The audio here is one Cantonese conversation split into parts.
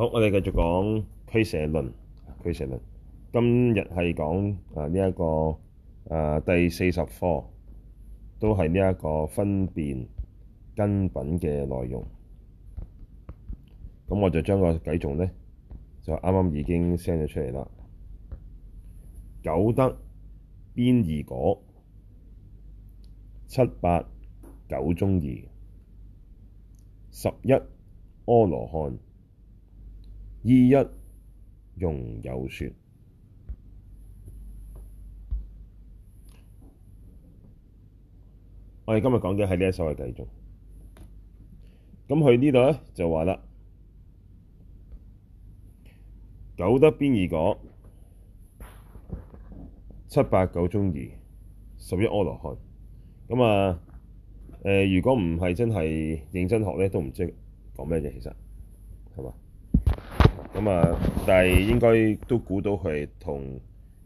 好，我哋繼續講《俱舍論》。《俱舍論》今日係講呢一個、呃、第四十課，都係呢一個分別根品嘅內容。咁我就將個偈頌咧，就啱啱已經 send 咗出嚟啦。九得、邊二果，七八九中二，十一阿羅漢。依一容有說，我哋今日講嘅係呢一首嘅繼續。咁佢呢度咧就話啦：九得邊二果，七八九中二，十一阿羅漢。咁啊，誒、呃，如果唔係真係認真學咧，都唔知講咩嘢。其實係嘛？咁啊，但係應該都估到佢同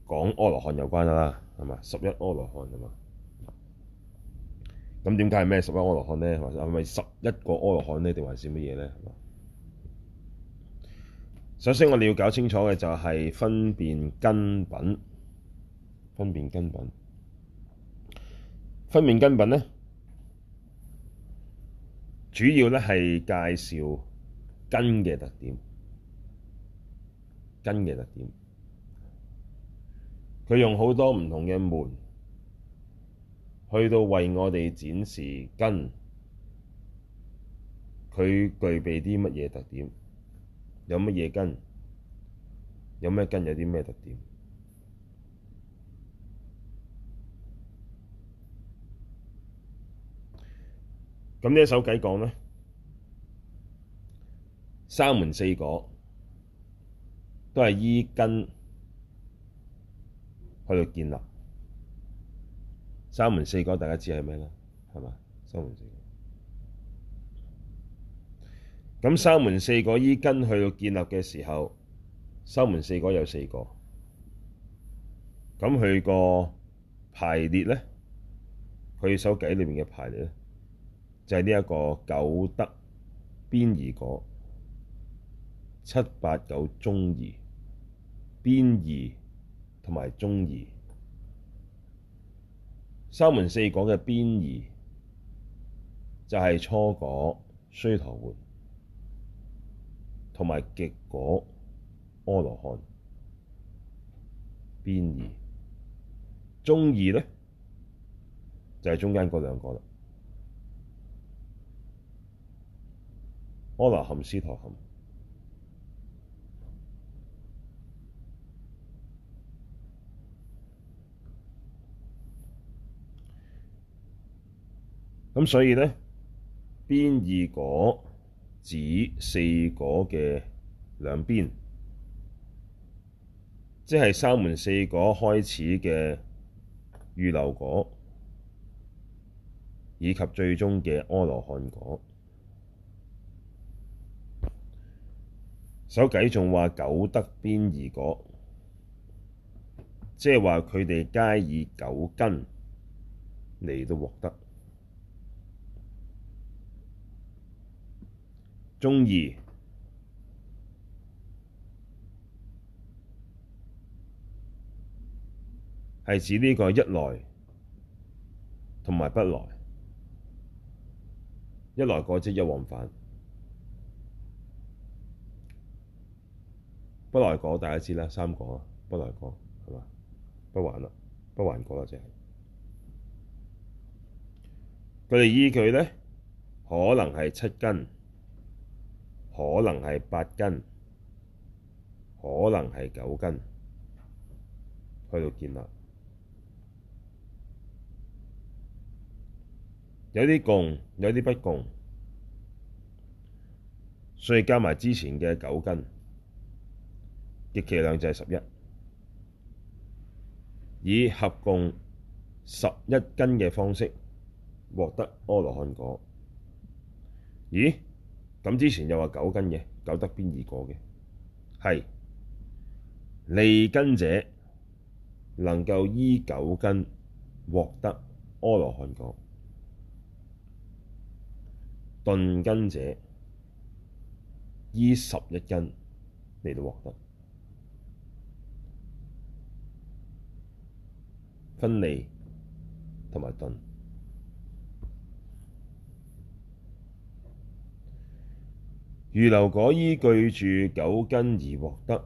講阿羅漢有關啦，係嘛？十一阿羅漢啊嘛。咁點解係咩十一阿羅漢咧？係咪十一個阿羅漢咧？定還是乜嘢咧？係嘛？首先，我哋要搞清楚嘅就係分辨根品，分辨根品，分辨根品咧，主要咧係介紹根嘅特點。根嘅特點，佢用好多唔同嘅門，去到為我哋展示根，佢具備啲乜嘢特點，有乜嘢根，有咩根，有啲咩特點。咁呢一首偈講咧，沙門四果。都係依根去到建立，沙門四果大家知係咩啦？係咪，沙門四果。咁沙門四果依根去到建立嘅時候，沙門四果有四個，咁佢個排列咧，佢首偈裏面嘅排列咧，就係呢一個九得邊二果，七八九中二。邊二同埋中二，沙門四果嘅邊二就係、是、初果須陀洹，同埋極果阿羅漢。邊二、就是、中二咧就係中間嗰兩個啦，阿羅漢斯陀含。所以咧，邊二果指四果嘅兩邊，即係沙門四果開始嘅預流果，以及最終嘅阿羅漢果。首偈仲話九得邊二果，即係話佢哋皆以九根嚟到獲得。中二係指呢個一來同埋不來，一來嗰只一往返不過，不來果大家知啦，三果啊，不來果係嘛？不還啦，不還果啦，即係佢哋依據呢，可能係七根。可能係八根，可能係九根，去到建立，有啲共，有啲不共，所以加埋之前嘅九根，極其量就係十一，以合共十一根嘅方式獲得阿羅漢果。咦？咁之前又話九根嘅，九得邊二果嘅？係利根者能夠依九根獲得阿羅漢果，鈍根者依十一根嚟到獲得分離同埋鈍。預流果依據住九根而獲得，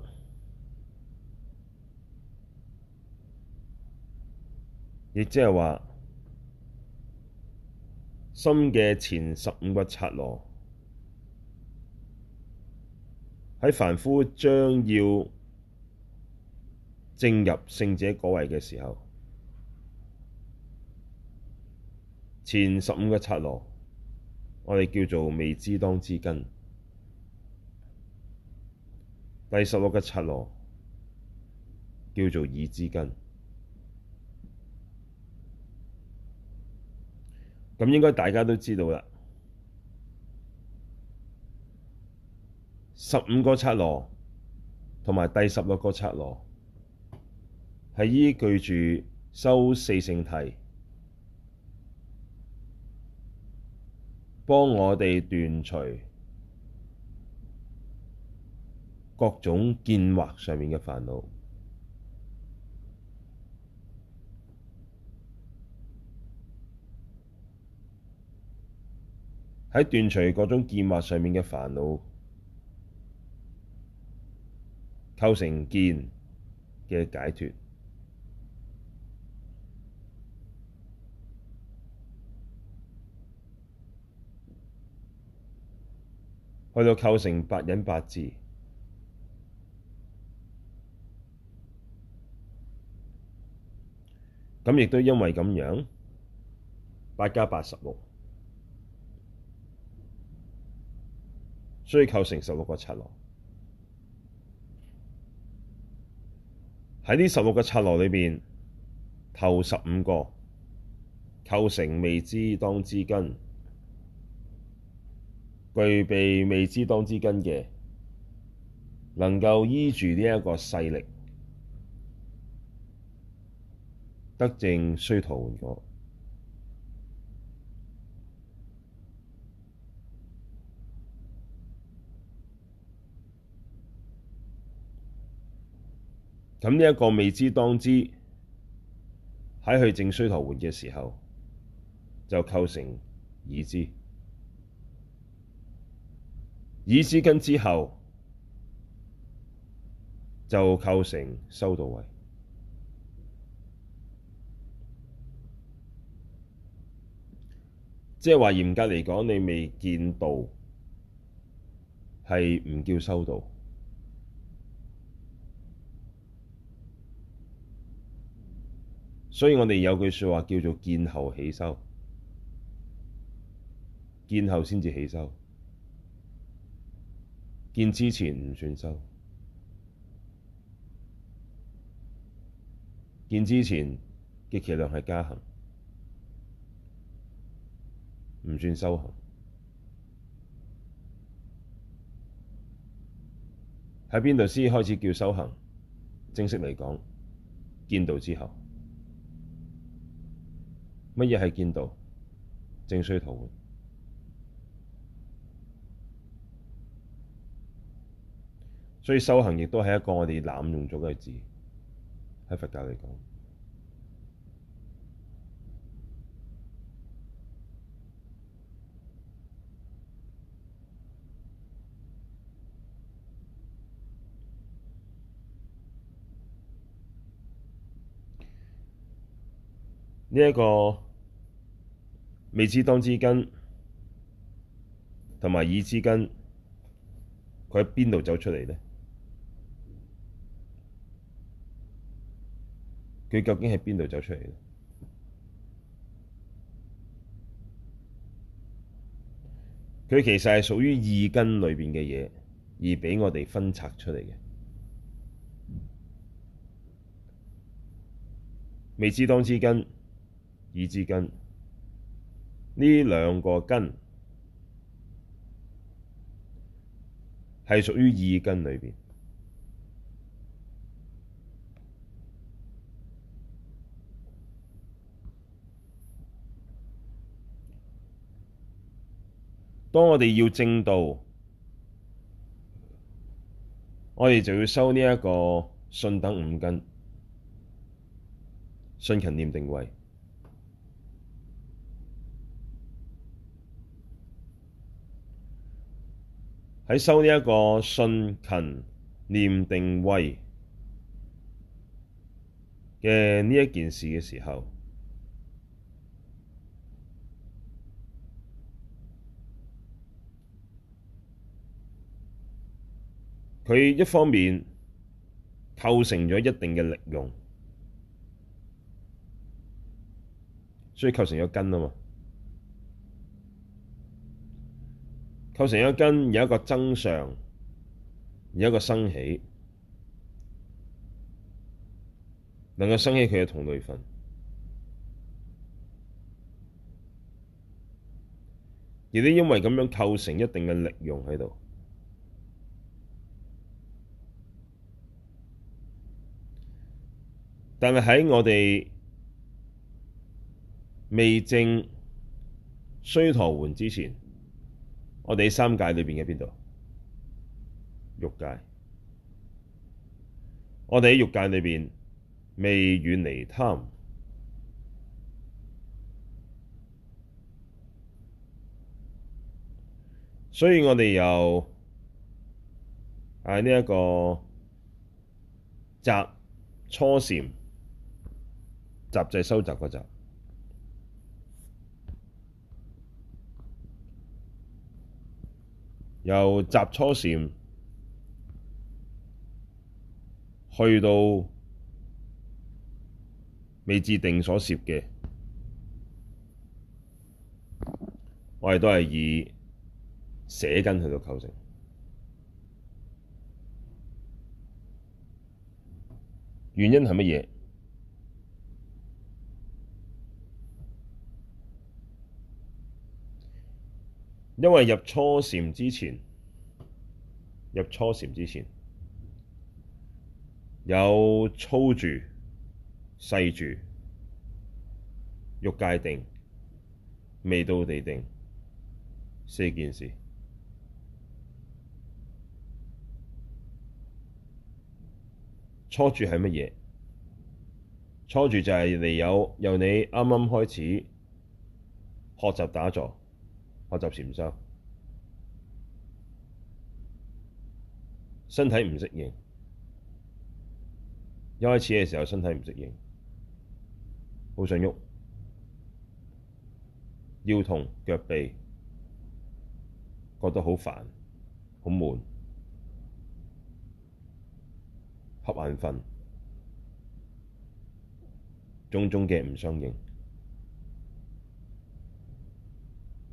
亦即係話心嘅前十五個剎那，喺凡夫將要正入聖者果位嘅時候，前十五個剎那，我哋叫做未知當知根。第十六個剎那叫做已知根，咁應該大家都知道啦。十五個剎那同埋第十六個剎那係依據住修四聖諦，幫我哋斷除。各種見惑上面嘅煩惱，喺斷除各種見惑上面嘅煩惱，構成見嘅解脫，去到構成八忍八智。咁亦都因為咁樣，八加八十六，86，所以構成十六個剎那。喺呢十六個剎那裏邊，頭十五個構成未知當知根，具備未知當知根嘅，能夠依住呢一個勢力。得正須陀洹咗，咁呢一個未知當知喺佢正須陀洹嘅時候，就構成已知，已知根之後就構成修道位。即係話嚴格嚟講，你未見到係唔叫修道。所以我哋有句說話叫做見後起修，見後先至起修，見之前唔算修，見之前極其量係加行。唔算修行，喺邊度先開始叫修行？正式嚟講，見道之後，乜嘢係見道？證須陀洹。所以修行亦都係一個我哋濫用咗嘅字，喺佛教嚟講。呢一，這個未知當知根同埋已知根，佢喺邊度走出嚟呢？佢究竟喺邊度走出嚟呢？佢其實係屬於意根裏邊嘅嘢，而畀我哋分拆出嚟嘅未知當知根。二支根，呢兩個根係屬於二根裏面。當我哋要正道，我哋就要修呢一個信等五根、信勤念定慧。喺修呢一個信、勤、念、定、慧嘅呢一件事嘅時候，佢一方面構成咗一定嘅力用，所以構成咗根啊嘛。構成一根有一個增上，有一個升起，能夠升起佢嘅同類分。亦都因為咁樣構成一定嘅力用喺度。但係喺我哋未正衰陀換之前。我哋喺三界裏邊嘅邊度？欲界。我哋喺欲界裏邊未遠離貪，所以我哋又喺呢一個集初禪集制收集嘅集。由習初禪去到未至定所攝嘅，我哋都係以捨根去到構成。原因係乜嘢？因為入初禪之前，入初禪之前有粗住、細住、欲界定、未到地定四件事。粗住係乜嘢？粗住就係嚟有由你啱啱開始學習打坐。我暫時唔收，身體唔適應，一開始嘅時候身體唔適應，好想喐，腰痛、腳痹，覺得好煩、好悶，瞌眼瞓，種種嘅唔相應。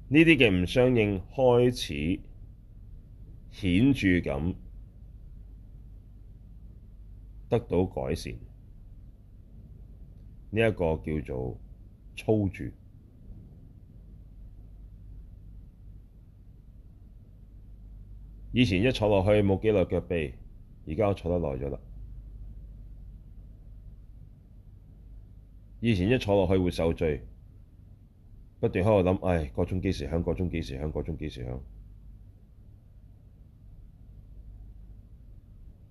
呢啲嘅唔相應開始顯著咁得到改善，呢一個叫做粗住。以前一坐落去冇幾耐腳痹，而家坐得耐咗喇。以前一坐落去會受罪，不斷喺度諗，唉，個鐘幾時響？個鐘幾時響？個鐘幾時響？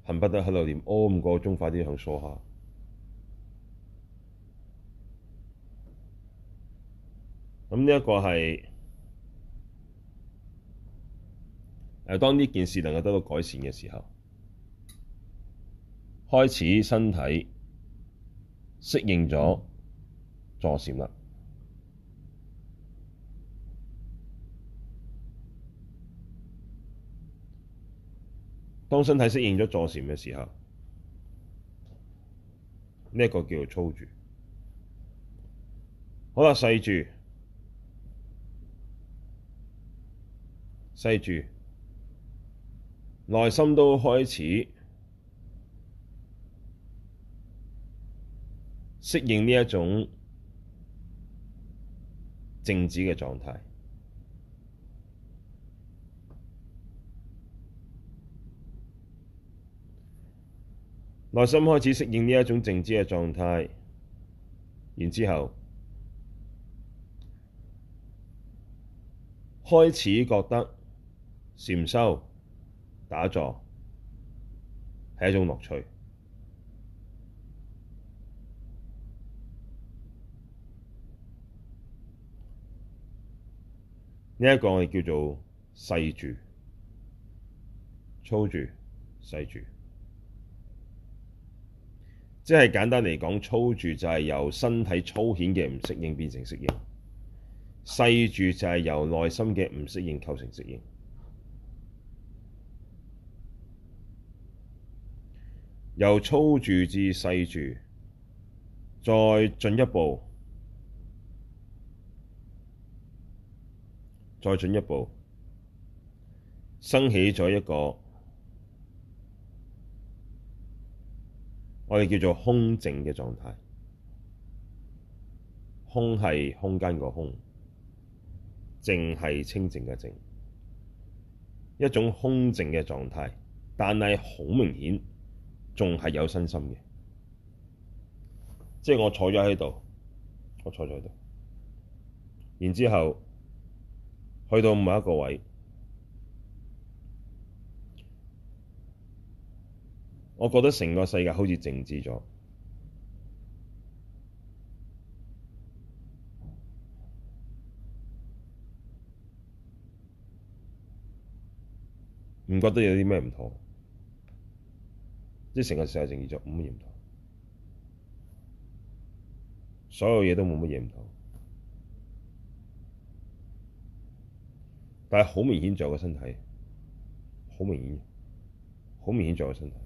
恨不得喺度唸，屙五個鐘，快啲響梳下。咁呢一個係誒，當呢件事能夠得到改善嘅時候，開始身體適應咗助禪啦。當身體適應咗坐禪嘅時候，呢、這、一個叫做粗住，好啦，細住，細住，內心都開始適應呢一種靜止嘅狀態。內心開始適應呢一種靜止嘅狀態，然之後開始覺得禪修打坐係一種樂趣。呢一個我哋叫做細住、粗住、細住。即係簡單嚟講，粗住就係由身體粗顯嘅唔適應變成適應，細住就係由內心嘅唔適應構成適應，由粗住至細住，再進一步，再進一步，生起咗一個。我哋叫做空靜嘅狀態，空係空間個空，靜係清靜嘅靜，一種空靜嘅狀態，但係好明顯仲係有身心嘅，即係我坐咗喺度，我坐咗喺度，然之後去到某一個位。我覺得成個世界好似靜止咗，唔覺得有啲咩唔妥。即係成個世界靜止咗，冇乜嘢唔妥，所有嘢都冇乜嘢唔妥。但係好明顯仲有個身體，好明顯，好明顯仲有個身體。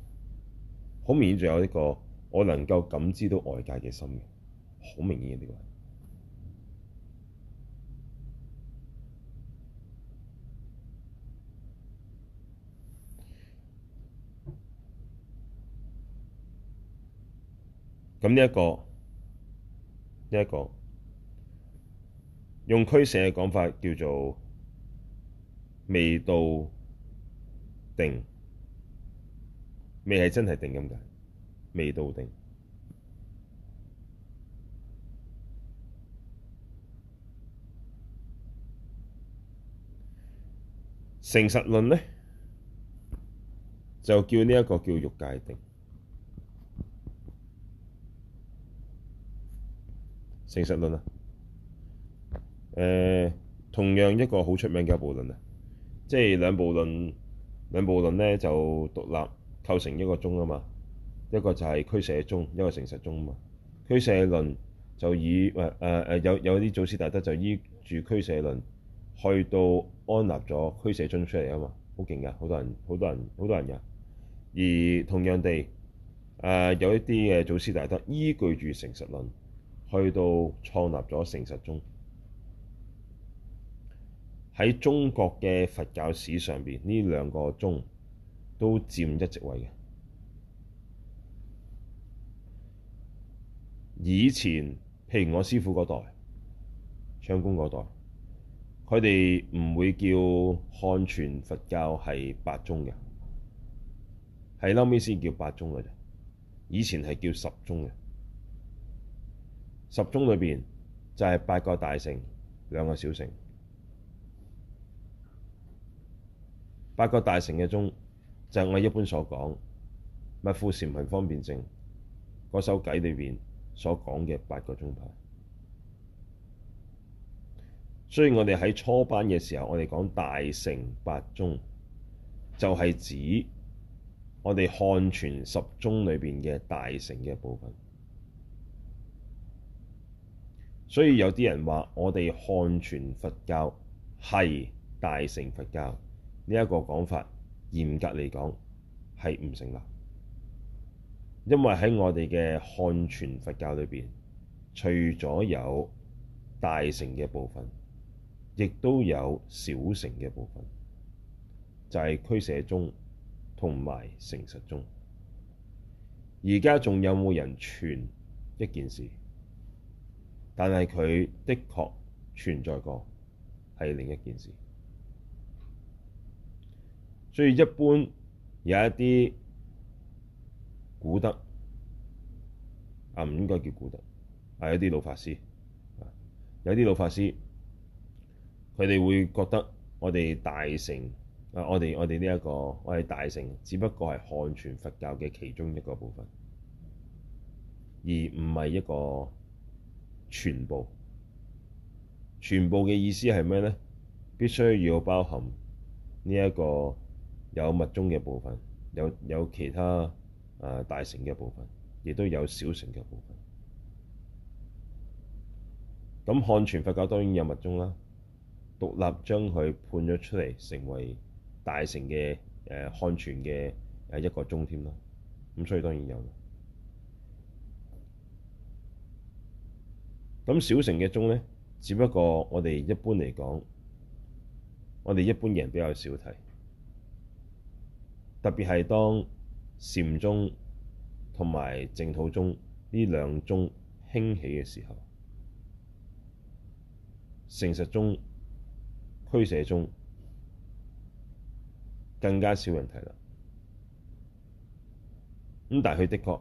好明顯，仲有一個我能夠感知到外界嘅心嘅，好明顯嘅呢、這個這個。咁呢一個，呢一個，用俱舍嘅講法叫做未到定。未係真係定咁解，未到定。成實論呢就叫呢一個叫欲界定。成實論啊，誒，同樣一個好出名嘅一部論啊，即係兩部論，兩部論呢就獨立。構成一個宗啊嘛，一個就係俱舍宗，一個成實宗啊嘛。俱舍論就以誒誒誒有有啲祖師大德就依住俱舍論去到安立咗俱舍宗出嚟啊嘛，好勁㗎，好多人好多人好多人㗎。而同樣地，誒、呃、有一啲嘅祖師大德依據住成實論去到創立咗成實宗。喺中國嘅佛教史上面，呢兩個宗，都佔一席位嘅。以前譬如我師父嗰代、唱功嗰代，佢哋唔會叫漢傳佛教係八宗嘅，係後尾先叫八宗嘅啫。以前係叫十宗嘅，十宗裏邊就係八個大乘，兩個小乘。八個大乘嘅宗。就係我一般所講，密富禪貧方便淨嗰首偈裏邊所講嘅八個宗派。所以我哋喺初班嘅時候，我哋講大乘八宗，就係、是、指我哋漢傳十宗裏邊嘅大乘嘅部分。所以有啲人話我哋漢傳佛教係大乘佛教呢一、這個講法。嚴格嚟講係唔成立，因為喺我哋嘅漢傳佛教裏邊，除咗有大乘嘅部分，亦都有小乘嘅部分，就係、是、俱舍宗同埋成實宗。而家仲有冇人傳一件事？但係佢的確存在過，係另一件事。所以一般有一啲古德啊，唔應該叫古德係一啲老法師。有啲老法師，佢哋會覺得我哋大成啊，我哋我哋呢一個我哋大成，這個、大成只不過係漢傳佛教嘅其中一個部分，而唔係一個全部。全部嘅意思係咩咧？必須要包含呢、這、一個。有密宗嘅部分，有有其他大乘嘅部分，亦都有小乘嘅部分。咁漢傳佛教當然有密宗啦，獨立將佢判咗出嚟，成為大乘嘅誒漢傳嘅誒一個宗添咯。咁所以當然有。咁小乘嘅宗咧，只不過我哋一般嚟講，我哋一般人比較少睇。特別係當禪宗同埋淨土宗呢兩宗興起嘅時候，成實宗、俱舍宗更加少人提啦。咁但係佢的確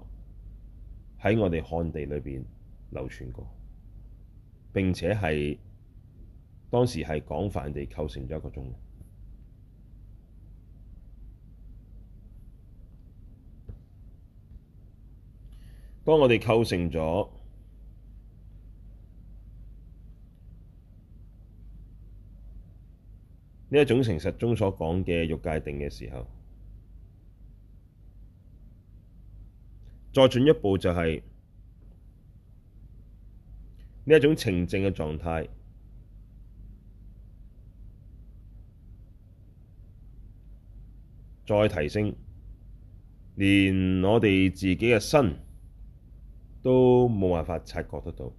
喺我哋漢地裏邊流傳過，並且係當時係廣泛地構成咗一個宗。當我哋構成咗呢一種成實中所講嘅欲界定嘅時候，再進一步就係呢一種澄淨嘅狀態，再提升，連我哋自己嘅身，都冇辦法察覺得到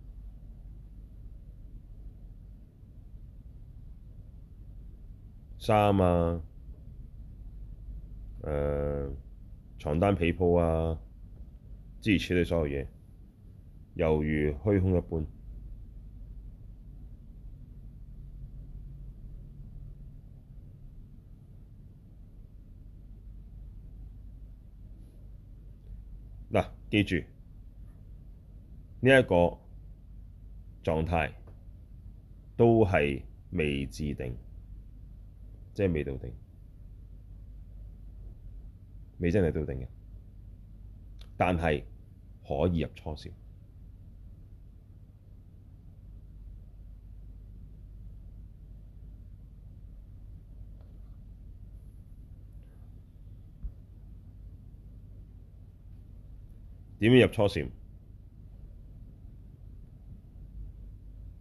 衫啊、呃，床單被鋪啊，諸如此類所有嘢，猶如虛空一般。嗱、啊，記住。呢一個狀態都係未至定，即係未到定，未真係到定嘅。但係可以入初禪，點樣入初禪？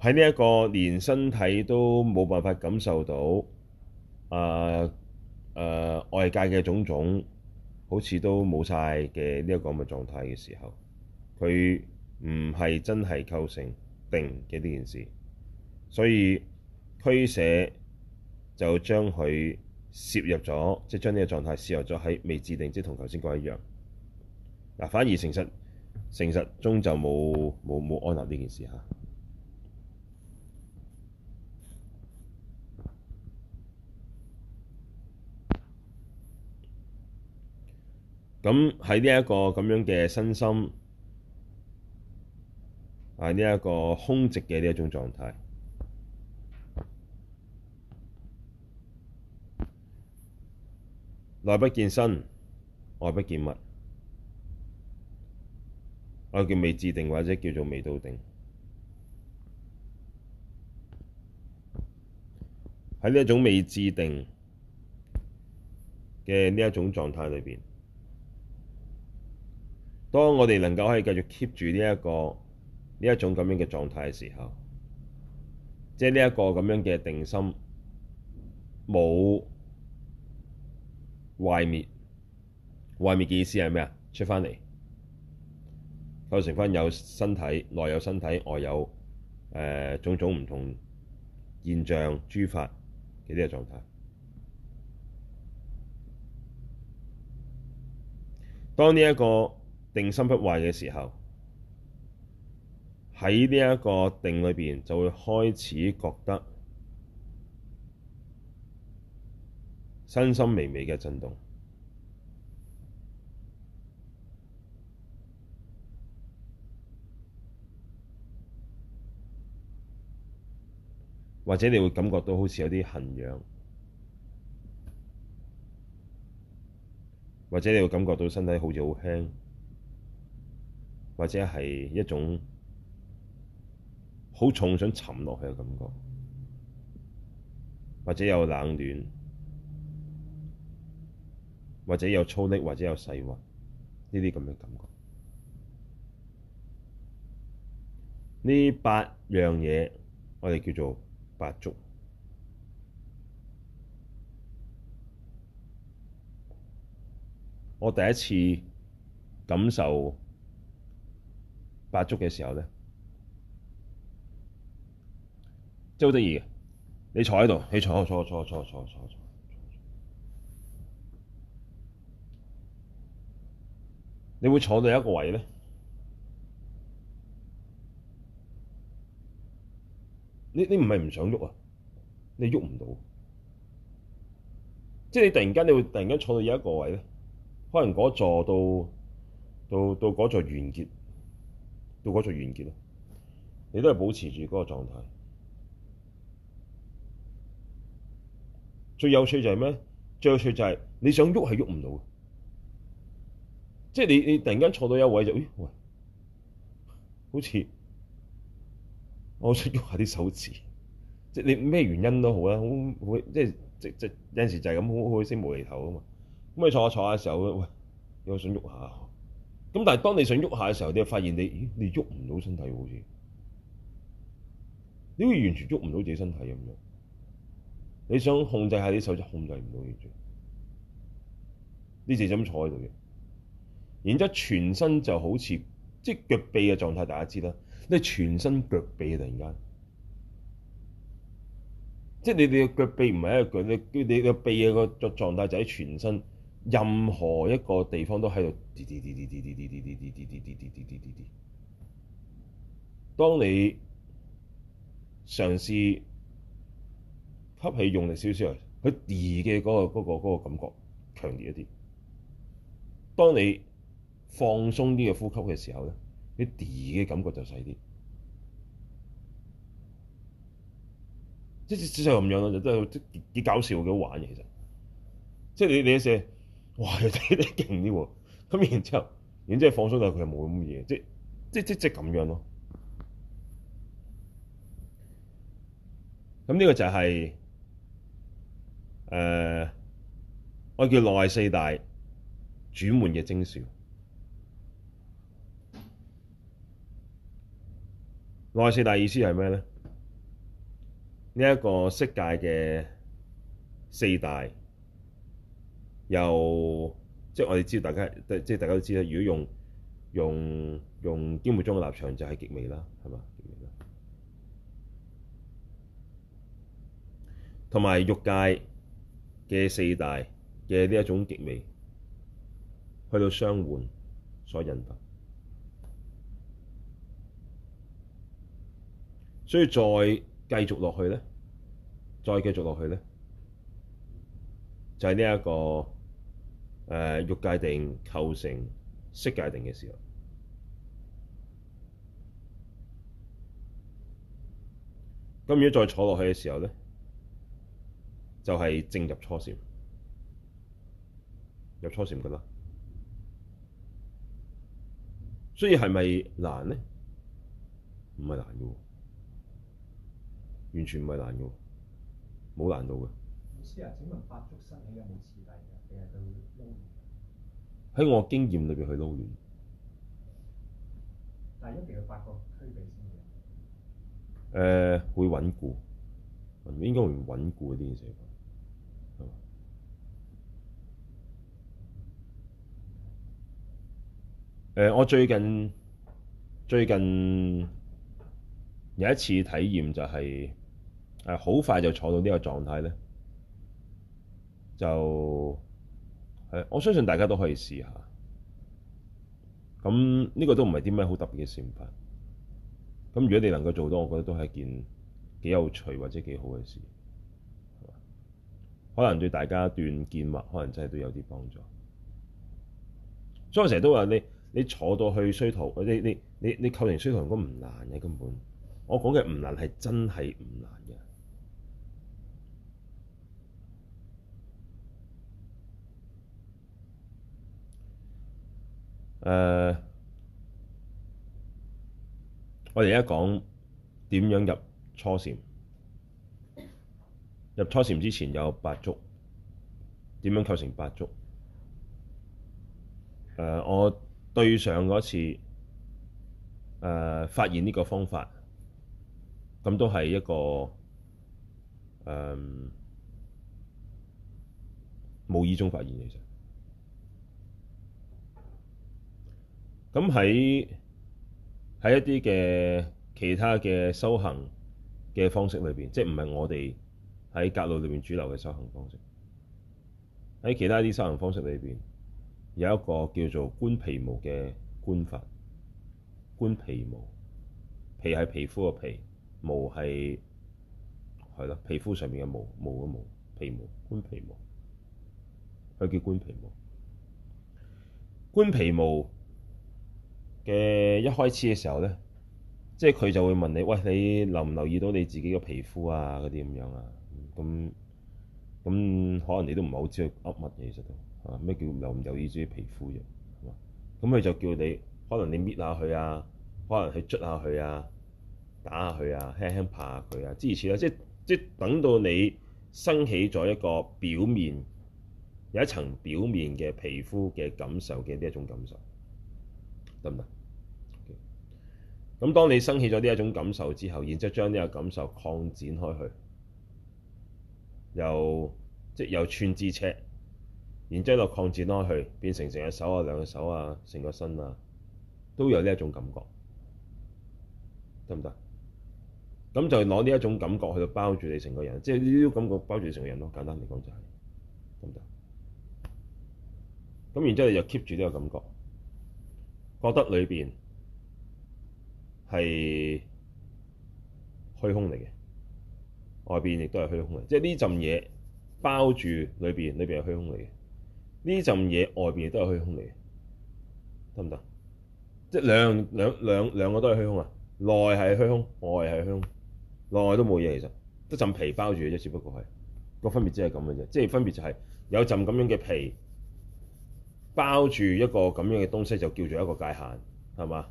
喺呢一個連身體都冇辦法感受到，啊、呃、啊、呃、外界嘅種種，好似都冇晒嘅呢一個咁嘅狀態嘅時候，佢唔係真係構成定嘅呢件事，所以俱舍就將佢攝入咗，即、就、係、是、將呢個狀態攝入咗喺未至定，即同頭先講一樣。嗱，反而成實成實中就冇冇冇安立呢件事嚇。咁喺呢一個咁樣嘅身心啊，呢一個空寂嘅呢一種狀態，內不見身，外不見物，我叫未至定，或者叫做未到定，喺呢一種未至定嘅呢一種狀態裏邊。當我哋能夠可以繼續 keep 住呢一個呢一種咁樣嘅狀態嘅時候，即係呢一個咁樣嘅定心冇壞滅，壞滅嘅意思係咩啊？出翻嚟構成翻有身體內有身體外有誒、呃、種種唔同現象諸法嘅呢個狀態。當呢、這、一個定心不壞嘅時候，喺呢一個定裏邊就會開始覺得身心微微嘅震動，或者你會感覺到好似有啲痕癢，或者你會感覺到身體好似好輕。或者係一種好重想沉落去嘅感覺，或者有冷暖，或者有粗澁，或者有細滑，呢啲咁嘅感覺。呢八樣嘢我哋叫做八觸。我第一次感受。八觸嘅時候咧，即係好得意嘅。你坐喺度，你坐坐坐坐坐坐坐你會坐到一個位咧。你你唔係唔想喐啊，你喐唔到，即係你突然間你會突然間坐到有一個位咧，可能嗰座到到到嗰座完結。到嗰度完結，你都係保持住嗰個狀態。最有趣就係咩？最有趣就係你想喐係喐唔到嘅，即係你，你突然間坐到一位就，咦，好似我想喐下啲手指，即係你咩原因都好啦，即係有陣時就係咁好開心無厘頭啊嘛。咁你坐下坐下嘅時候，喂又想喐下。咁但係當你想喐下嘅時候，你就發現你，咦？你喐唔到身體好似，你會完全喐唔到自己身體咁樣。你想控制下啲手，就控制唔到完全。呢字就咁坐喺度嘅，然之後全身就好似即係腳臂嘅狀態，大家知啦。你全身腳臂突然間，即係你哋嘅腳臂唔係一個腳咧，你你嘅臂嘅個狀態就喺全身。任何一個地方都喺度，滴滴滴滴滴滴滴滴滴滴滴滴滴滴滴滴滴滴。當你嘗試吸氣用力少少，佢啲嘅嗰個嗰個嗰個感覺強烈一啲。當你放鬆啲嘅呼吸嘅時候咧，你啲嘅感覺就細啲。即係即係咁樣咯，就真係幾搞笑幾好玩嘅，其實。即係你你成。哇，佢哋啲勁啲喎，咁然之後，然之後放鬆下佢又冇咁嘢，即係即即即咁樣咯。咁呢個就係、是、誒、呃、我叫內四大轉換嘅徵兆。內四大意思係咩咧？呢、這、一個色界嘅四大。又即係我哋知道大家，即係大家都知啦。如果用用用《用金木中嘅立場就，就係極微啦，係嘛？極微啦。同埋欲界嘅四大嘅呢一種極微，去到相換所引發。所以再繼續落去咧，再繼續落去咧，就係呢一個。誒欲、呃、界定構成色界定嘅時候，咁如果再坐落去嘅時候咧，就係、是、正入初禪，入初禪噶啦。所以係咪難呢？唔係難嘅，完全唔係難嘅，冇難度嘅。老師啊，請問八觸生起有冇次第？喺我經驗裏邊去撈亂，但係一定要發覺區別先嘅。誒，會穩固，應該會穩固啲嘅社會。誒、uh,，我最近最近有一次體驗就係、是、誒，好快就坐到呢個狀態咧，就。係，我相信大家都可以試下。咁呢個都唔係啲咩好特別嘅善法。咁如果你能夠做到，我覺得都係件幾有趣或者幾好嘅事。係可能對大家一段見聞，可能真係都有啲幫助。所以我成日都話你，你坐到去衰途，你你你你構成衰途咁唔難嘅根本。我講嘅唔難係真係唔難嘅。誒，uh, 我哋而家講點樣入初禪？入初禪之前有八觸，點樣構成八觸？誒、uh, 我對上嗰次誒、uh, 發現呢個方法，咁都係一個誒、um, 無意中發現嘅。實。咁喺一啲嘅其他嘅修行嘅方式裏邊，即係唔係我哋喺格路裏邊主流嘅修行方式。喺其他啲修行方式裏邊，有一個叫做觀皮毛嘅觀法。觀皮毛，皮係皮膚嘅皮，毛係係咯，皮膚上面嘅毛，毛嘅毛，皮毛觀皮毛，佢叫觀皮毛。觀皮毛。嘅一開始嘅時候咧，即係佢就會問你，喂，你留唔留意到你自己嘅皮膚啊、嗰啲咁樣啊，咁咁可能你都唔係好知佢噏乜嘢其實在，嚇、啊、咩叫留唔留意自己皮膚啫，咁、啊、佢就叫你，可能你搣下佢啊，可能去捽下佢啊，打下佢啊，輕輕拍下佢啊，諸如此類，即即等到你生起咗一個表面有一層表面嘅皮膚嘅感受嘅呢一種感受，得唔得？咁當你升起咗呢一種感受之後，然之後將呢個感受擴展開去，由即係由寸至尺，然之後再擴展開去，變成成隻手啊、兩隻手啊、成個身啊，都有呢一種感覺，得唔得？咁就攞呢一種感覺去到包住你成個人，即係呢啲感覺包住你成個人咯。簡單嚟講就係、是，得唔得？咁然之後你就 keep 住呢個感覺，覺得裏邊。係虛空嚟嘅，外邊亦都係虛空嚟，即係呢浸嘢包住裏邊，裏邊係虛空嚟嘅。呢浸嘢外邊亦都係虛空嚟嘅，得唔得？即係兩兩兩兩個都係虛空啊！內係虛空，外係虛空，內都冇嘢，其實得浸皮包住嘅啫，只不過係個分別即係咁嘅啫，即係分別就係、是、有陣咁樣嘅皮包住一個咁樣嘅東西，就叫做一個界限，係嘛？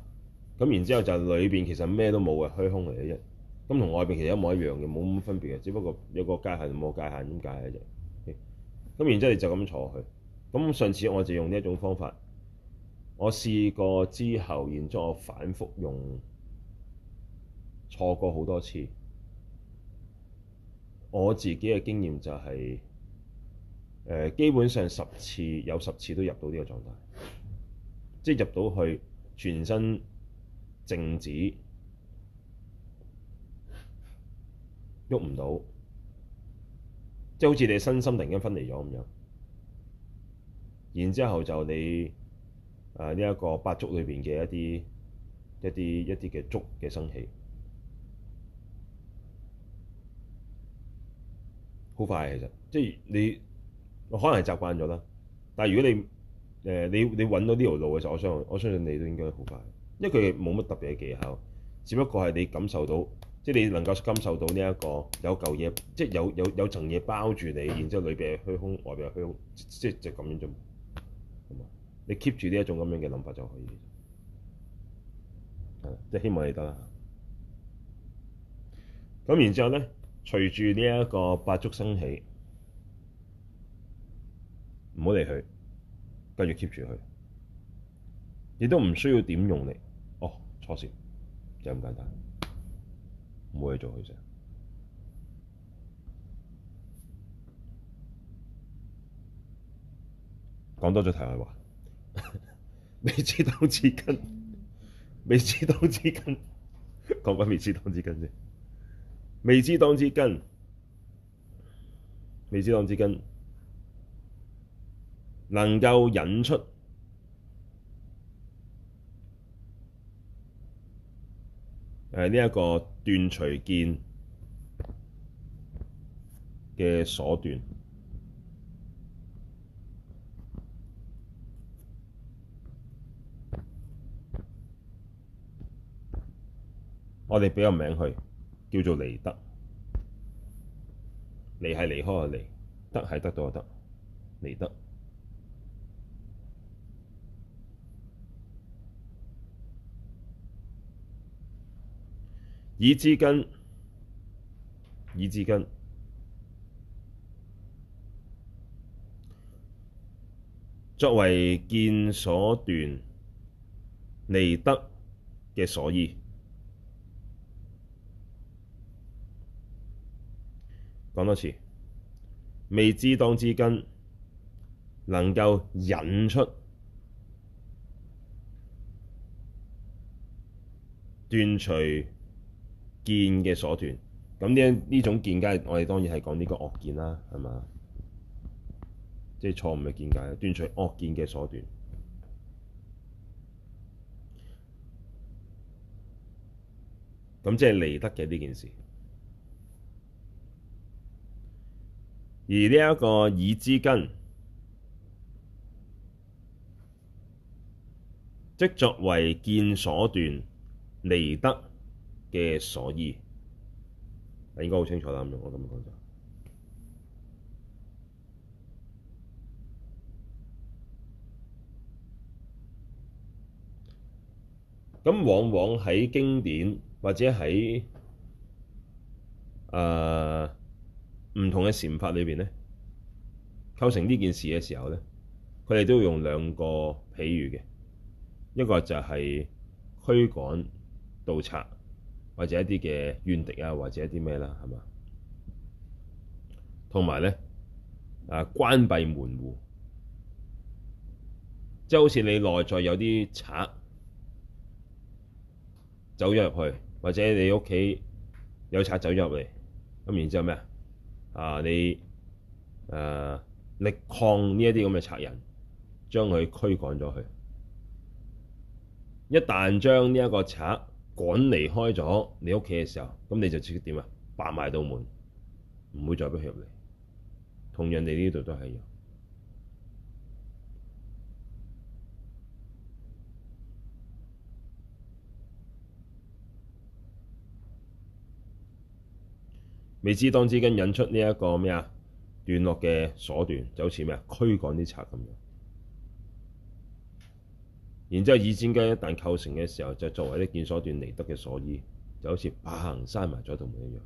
咁然之後就裏邊其實咩都冇嘅，虛空嚟嘅啫。咁同外邊其實一模一樣嘅，冇乜分別嘅。只不過有個界限冇界限咁解嘅啫。咁、okay? 然之後你就咁坐落去。咁上次我就用呢一種方法，我試過之後，然之後我反覆用坐過好多次。我自己嘅經驗就係、是、誒、呃，基本上十次有十次都入到呢個狀態，即係入到去全身。靜止，喐唔到，即係好似你身心突然間分離咗咁樣。然之後就你誒，呢一個八觸裏邊嘅一啲一啲一啲嘅觸嘅生起，好快其實，即係你我可能係習慣咗啦。但係如果你誒、呃、你你揾到呢條路嘅時候，我相我相信你都應該好快。因為佢冇乜特別嘅技巧，只不過係你感受到，即係你能夠感受到呢一個有舊嘢，即係有有有層嘢包住你，然之後裏邊係虛空，外邊係虛空，即係就咁樣啫。咁啊，你 keep 住呢一種咁樣嘅諗法就可以、嗯。即係希望你得啦。咁然之後咧，隨住呢一個八觸生起，唔好離去，跟住 keep 住佢，亦都唔需要點用力。拖線就咁簡單，冇嘢做佢成。講多咗題外話 未，未知當知根，未知當知根，講翻未知當知根先。未知當知根，未知當知根，能夠引出。係呢一個斷除見嘅所斷，我哋畀個名佢叫做離得。離係離開嘅離，得係得到嘅得。離得。已知根，已知根，作為見所斷離得嘅所依，講多次，未知當知根，能夠引出斷除。見嘅所斷，咁呢呢種見解，梗係我哋當然係講呢個惡見啦，係嘛？即係錯誤嘅見解，斷除惡見嘅所斷，咁即係離得嘅呢件事。而呢一個已知根，即作為見所斷離得。嘅，所以應該好清楚啦。唔用我咁講就咁，往往喺經典或者喺誒唔同嘅禪法裏邊呢，構成呢件事嘅時候呢，佢哋都用兩個譬喻嘅，一個就係驅趕盜賊。或者一啲嘅怨敵啊，或者一啲咩啦，係嘛？同埋咧，啊，關閉門戶，即係好似你內在有啲賊走咗入去，或者你屋企有賊走咗入嚟，咁然之後咩啊？啊，你誒，啊，力抗呢一啲咁嘅賊人，將佢驅趕咗去。一旦將呢一個賊趕離開咗你屋企嘅時候，咁你就直接點啊？閂埋道門，唔會再俾佢入嚟。同樣呢度都係一樣。未知當知根引出呢一個咩啊段落嘅所斷，就好似咩啊驅趕啲賊咁樣。然之後，已知根一旦構成嘅時候，就作為一件所斷離得嘅所依，就好似把行閂埋咗道門一樣。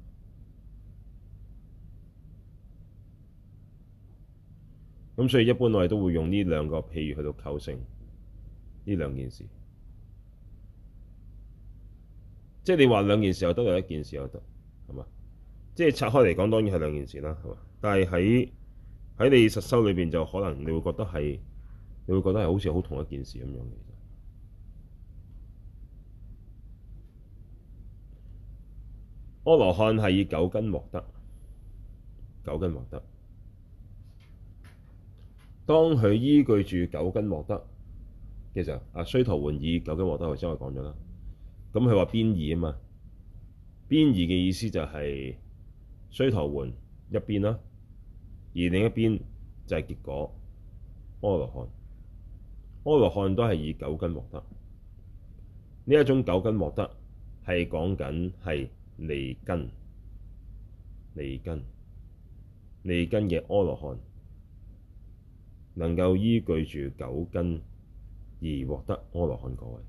咁所以一般我哋都會用呢兩個譬喻去到構成呢兩件事。即係你話兩件事又得，一件事又得，係嘛？即係拆開嚟講，當然係兩件事啦，係嘛？但係喺喺你實修裏邊，就可能你會覺得係，你會覺得係好似好同一件事咁樣。阿羅漢係以九根獲得，九根獲得。當佢依據住九根獲得其實阿、啊、須陀洹以九根獲得，頭先我講咗啦。咁佢話邊二啊嘛？邊二嘅意思就係須陀洹一邊啦，而另一邊就係結果。阿羅漢，阿羅漢都係以九根獲得。呢一種九根獲得係講緊係。利根，利根，利根嘅阿羅漢，能夠依據住九根而獲得阿羅漢果位，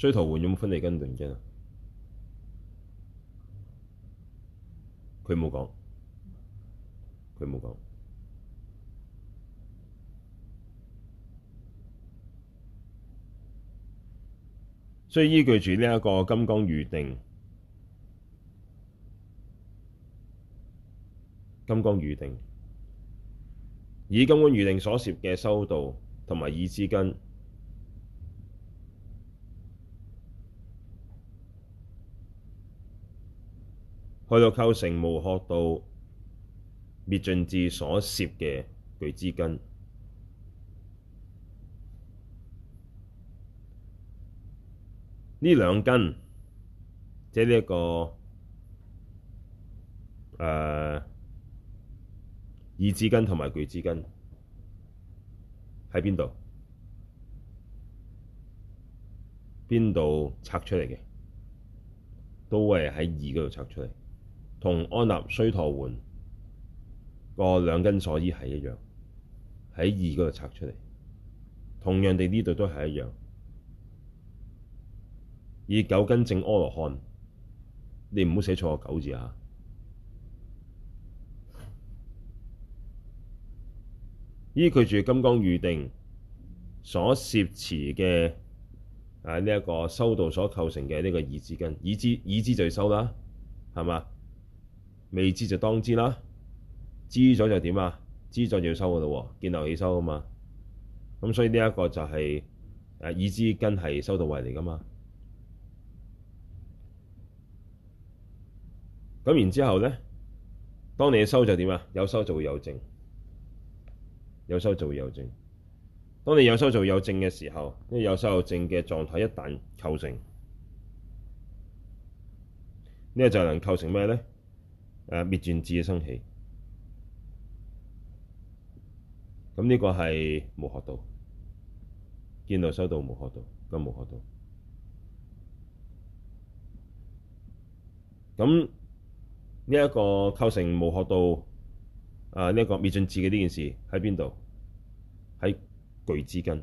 須陀洹用分利根鈍根啊！佢冇講，佢冇講。所以依據住呢一個金剛喻定，金剛喻定，以金剛喻定所攝嘅修道同埋已知根，去到構成無學道滅盡智所攝嘅具知根。呢兩根，即係呢一個誒已、呃、知根同埋具知根，喺邊度？邊度拆出嚟嘅？都係喺二嗰度拆出嚟，同安納衰陀換個兩根鎖衣係一樣，喺二嗰度拆出嚟，同樣地呢度都係一樣。以九根正阿羅漢，你唔好寫錯個九字啊！依據住金剛喻定所攝持嘅誒呢一個修道所構成嘅呢個已知根，已知已知就要修啦，係嘛？未知就當知啦，知咗就點啊？知咗就要修噶啦，見漏起修啊嘛。咁所以呢一個就係誒已知根係修道位嚟噶嘛。咁然之後呢，當你修就點啊？有修就會有證，有修就會有證。當你有修就會有證嘅時候，呢有修有證嘅狀態一旦構成，呢、這、就、個、就能構成咩呢？誒、啊，滅盡智嘅生起。咁、嗯、呢、這個係無學道，見道修道無學道，都無學道。咁、嗯呢一個構成無學道誒，呢一個滅盡智嘅呢件事喺邊度？喺具知根，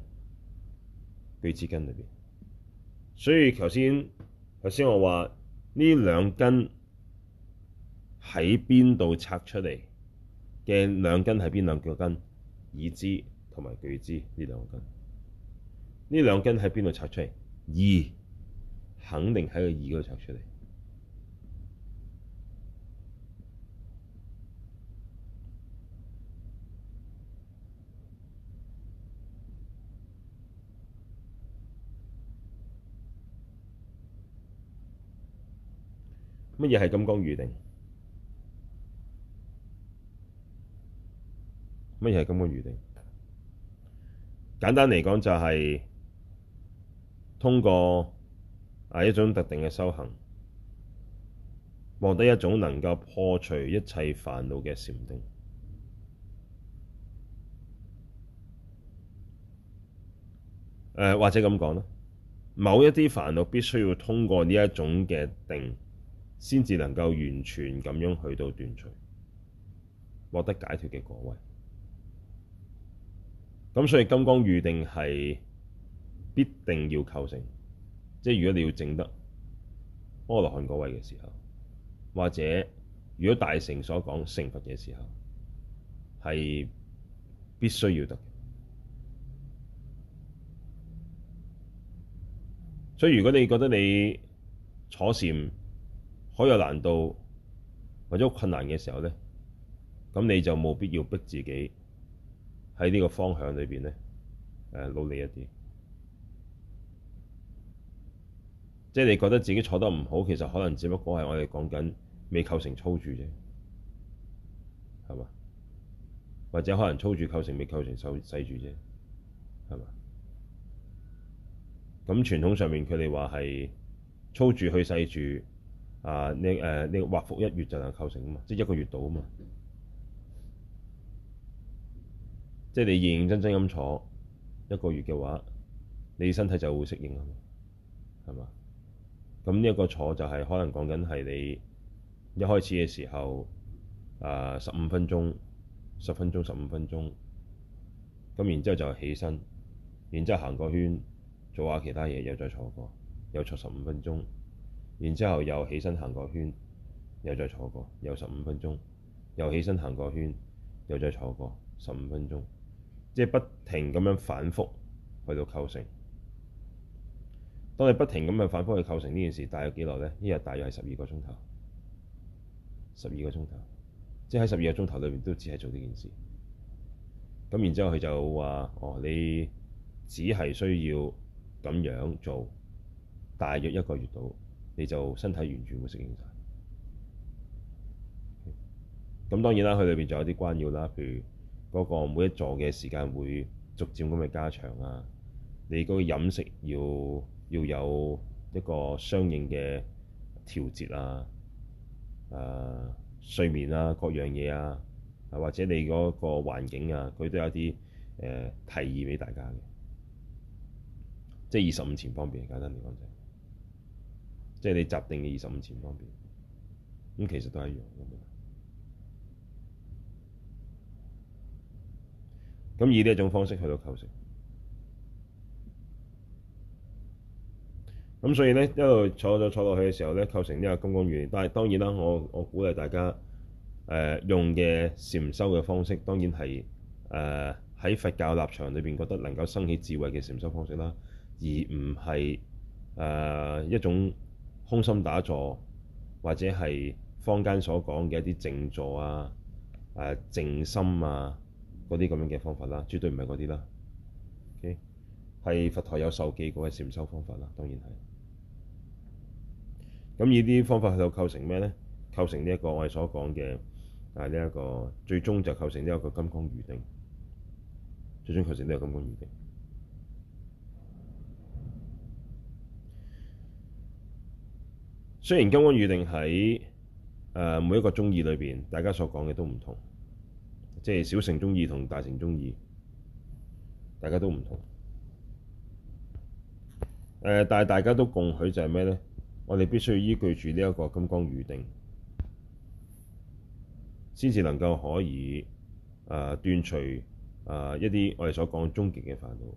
具知根裏邊。所以頭先頭先我話呢兩根喺邊度拆出嚟嘅？兩根喺邊兩腳根？已知同埋具知呢兩根，呢兩根喺邊度拆出嚟？二,二肯定喺個二嗰度拆出嚟。乜嘢係金剛喻定？乜嘢係金剛喻定？簡單嚟講，就是，就係通過一種特定嘅修行，獲得一種能夠破除一切煩惱嘅禪定。誒，呃，或者咁講啦，某一啲煩惱必須要通過呢一種嘅定。先至能夠完全咁樣去到斷除，獲得解脫嘅果位。咁所以金剛喻定係必定要構成，即係如果你要證得阿羅漢果位嘅時候，或者如果大乘所講成佛嘅時候，係必須要得。所以如果你覺得你坐禪，好有難度，或者困難嘅時候咧，咁你就冇必要逼自己喺呢個方向裏邊咧，誒努力一啲。即係你覺得自己坐得唔好，其實可能只不過係我哋講緊未構成粗住啫，係嘛？或者可能粗住構成未構成細細住啫，係嘛？咁傳統上面佢哋話係粗住去細住。啊！Uh, 你誒、uh, 你劃幅一月就能構成啊嘛，即係一個月度啊嘛，即係你認認真真咁坐一個月嘅話，你身體就會適應啊嘛，係嘛？咁呢一個坐就係可能講緊係你一開始嘅時候啊，uh, 十五分鐘、十分鐘、十五分鐘咁，然之後就起身，然之後行個圈，做下其他嘢，又再坐過又坐十五分鐘。然之後又起身行個圈，又再坐過，又十五分鐘，又起身行個圈，又再坐過十五分鐘，即係不停咁樣反覆去到構成。當你不停咁樣反覆去構成呢件事，大約幾耐呢？一日大約係十二個鐘頭，十二個鐘頭，即係喺十二個鐘頭裏面都只係做呢件事。咁然之後佢就話：「哦，你只係需要咁樣做，大約一個月度。」你就身體完全會適應晒。咁、okay? 當然啦，佢裏邊仲有啲關要啦，譬如嗰個每一座嘅時間會逐漸咁嘅加長啊，你嗰個飲食要要有一個相應嘅調節啊，誒、呃、睡眠啊，各樣嘢啊，或者你嗰個環境啊，佢都有啲誒、呃、提議俾大家嘅，即係二十五前方便，簡單嚟講就即係你集定嘅二十五錢方面，咁其實都係一樣咁以呢一種方式去到構成。咁所以咧一路坐咗坐落去嘅時候咧，構成呢個金剛語言。但係當然啦，我我鼓勵大家誒、呃、用嘅禪修嘅方式，當然係誒喺佛教立場裏邊覺得能夠生起智慧嘅禪修方式啦，而唔係誒一種。空心打坐，或者係坊間所講嘅一啲靜坐啊、誒、啊、靜心啊嗰啲咁樣嘅方法啦，絕對唔係嗰啲啦。O.K. 係佛陀有授記過嘅禪修方法啦，當然係。咁呢啲方法係度構成咩咧？構成呢一個我哋所講嘅啊呢一、這個最終就構成呢一個金剛喻定，最終構成呢一個金剛喻定。雖然金剛喻定喺、呃、每一個宗義裏面，大家所講嘅都唔同，即係小乘宗義同大乘宗義，大家都唔同。誒、呃，但大家都共許就係咩呢？我哋必須依據住呢一個金剛喻定，先至能夠可以誒、呃、斷除誒、呃、一啲我哋所講終極嘅煩惱。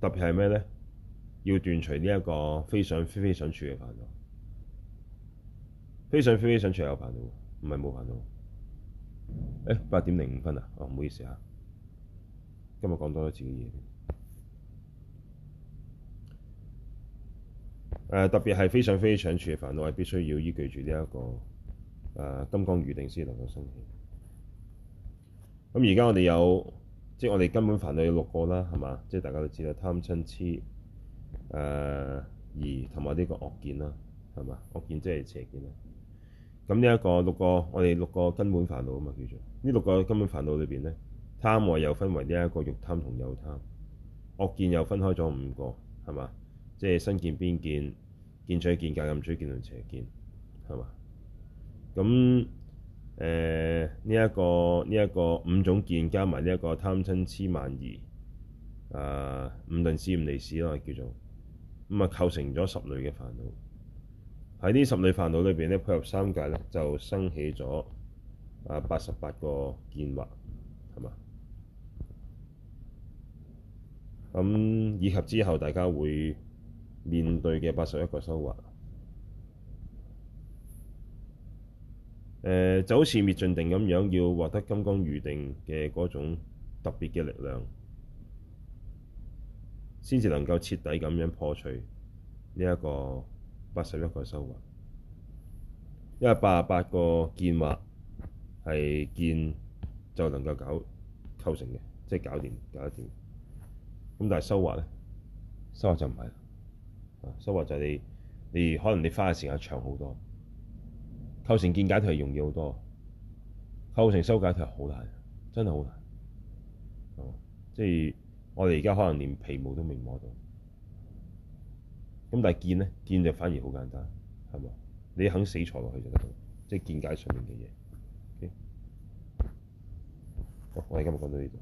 特別係咩呢？要斷除呢一個非想非非想處嘅煩惱，非想非非想處有煩惱，唔係冇煩惱。誒，八點零五分啊！哦，唔好意思嚇，今日講多咗自己嘢。誒，特別係非想非非想處嘅煩惱係必須要依據住呢一個誒、呃、金剛喻定先能夠升起。咁而家我哋有即係我哋根本煩惱有六個啦，係嘛？即係大家都知道貪瞋痴。誒而同埋呢個惡見啦，係嘛？惡見即係邪見啦。咁呢一個六個，我哋六個根本煩惱啊嘛，叫做呢六個根本煩惱裏邊咧，貪我又分為呢一個欲貪同有貪，惡見又分開咗五個係嘛？即係身見邊見、見取見、戒禁取見同邪見係嘛？咁誒呢一個呢一個呢一個五種見加埋呢一個貪嗔痴慢疑啊，五鈍使五利使啦，叫做。咁啊，構成咗十類嘅煩惱。喺呢十類煩惱裏邊咧，配合三界呢就生起咗啊八十八個見惑，係嘛？咁、嗯、以及之後大家會面對嘅八十一個修惑。誒、呃，就好似滅盡定咁樣，要獲得金剛喻定嘅嗰種特別嘅力量。先至能夠徹底咁樣破除呢一個八十一個修惑，因為八十八個見惑係見就能夠搞構成嘅，即係搞掂搞掂。咁但係修惑咧，修惑就唔係啦。修惑就係你你可能你花嘅時間長好多，構成見解脫係容易好多，構成修解脫係好難，真係好難。哦，即係。我哋而家可能連皮毛都未摸到，咁但係見咧，見就反而好簡單，係咪？你肯死坐落去就得到，即係見解上面嘅嘢。OK，好，我哋今日講到呢度。